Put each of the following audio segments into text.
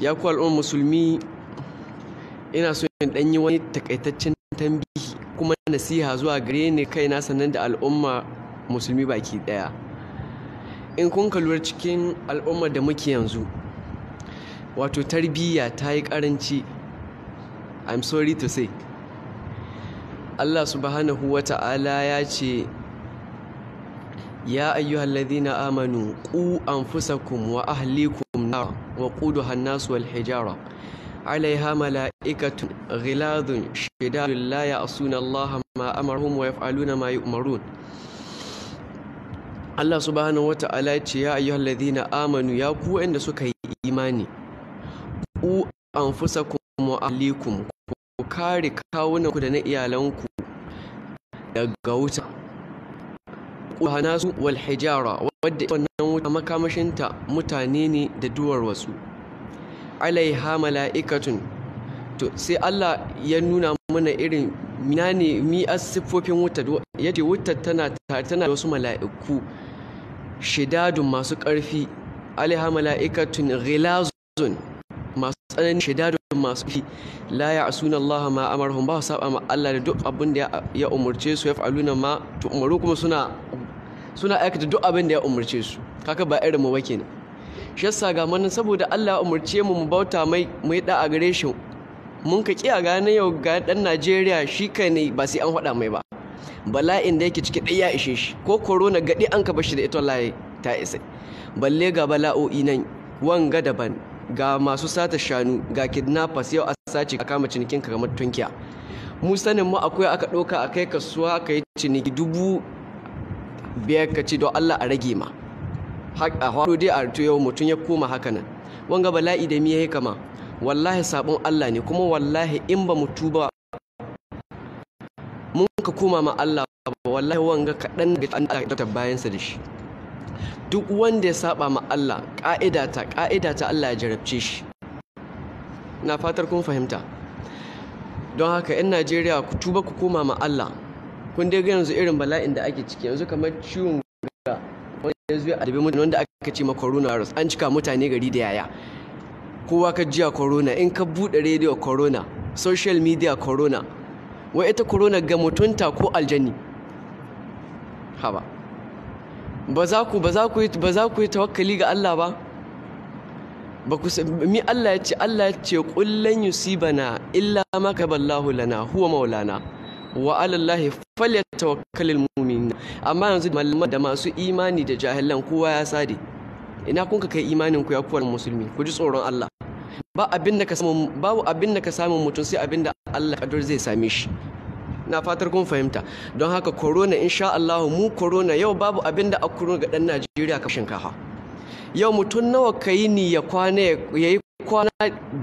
ya ku al'ummar musulmi ina so in yi wani takaitaccen tambihi kuma nasiha zuwa gare ni kaina sannan da al'umma musulmi baki ɗaya in kun lura cikin al'ummar da muke yanzu wato tarbiyya ta yi ƙaranci i'm sorry to say allah subhanahu wa ta'ala ya ce ya ayyuhallazina amanu ku anfusakum wa ahlikum النار وقودها الناس والحجارة عليها ملائكة غلاظ شداد لا يعصون الله ما أمرهم ويفعلون ما يؤمرون Allah subhanahu ya ce ya ayyuhal amanu ya ku suka yi imani ku ku kare kawunanku da na iyalanku daga wuta waƙuha nasu wal hijara wadda wannan wuta makamashinta mutane ne da duwar wasu alaiha mala'ikatun to sai Allah ya nuna mana irin mina ne mi siffofin wuta yace wuta tana tana da wasu mala'iku shidadun masu ƙarfi alaiha mala'ikatun ghilazun masu tsananin shidadun masu fi la ya asuna Allah ma amarhum ba saba ma Allah da duk abin da ya umurce su ya fa'aluna ma to umaru kuma suna suna aikata duk abin da ya umarce su kaka ba irin mu ba kenan shi yasa ga manan saboda Allah ya umarce mu mu bauta mai mu yi da'a gare shi mun ka kiya na yau ga dan Najeriya shi kai ne ba sai an faɗa mai ba bala'in da yake ciki ɗaya ya ishe shi ko korona gadi an ka bashi da ita wallahi ta isa balle ga bala'o'i nan wanga daban ga masu sata shanu ga kidnappers yau a sace ka kama cinikin ka kamar tunkiya mu sanin mu akwai aka ɗauka a kai kasuwa aka yi ciniki dubu biyar ka ci don Allah a rage ma a ko dai a yau mutum ya koma haka nan wanga bala'i da miya kama wallahi sabon Allah ne kuma wallahi in ba mu tuba mun ka koma ma Allah ba wallahi wanga kaɗan da an ta bayansa da shi duk wanda ya saba ma Allah ƙa'ida ta ƙa'ida ta Allah ya jarabce shi na fatar kun fahimta don haka 'yan najeriya ku tuba ku koma ma Allah kun dai yanzu irin bala'in da ake ciki yanzu kamar ciwon gaba wanda ya zuwa adabi mutane wanda aka ce ma coronavirus an cika mutane gari da yaya kowa ka jiya corona in ka buɗe rediyo corona social media corona wai ita corona ga mutunta ko aljani haba ba za ku ba za ku yi ba za ku yi tawakkali ga Allah ba ba ku mi Allah ya ce Allah ya ce kullan yusibana illa ma kaballahu lana huwa maulana wa alallahi falyatawakkalul mu'minin amma yanzu malaman da masu imani da jahilan kowa ya sade ina kun ka kai imanin ku ya kuwar musulmi ku ji tsoron Allah ba abin da ka samu babu abin da ka samu mutum sai abin da Allah kadar zai same shi na fatar kun fahimta don haka corona insha Allah mu corona yau babu abin da a corona ga dan Najeriya ka shinkafa yau mutum nawa kai ni ya kwana ya yi kwana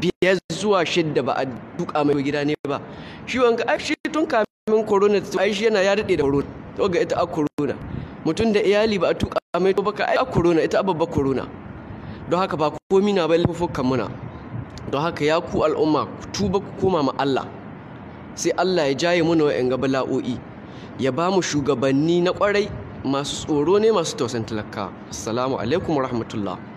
biyar zuwa shidda ba a duka mai gida ne ba shi wanka ai shi tun kamin corona to ai shi yana ya daɗe da corona to ga ita a corona mutum da iyali ba a tuka mai to baka ai a corona ita a babba corona don haka ba komi na ba lafufukan muna don haka ya ku al'umma ku tuba ku koma ma Allah sai Allah ya jaye mu wa'in ga bala'o'i ya ba mu shugabanni na kwarai masu tsoro ne masu tausan talaka assalamu alaikum rahmatullah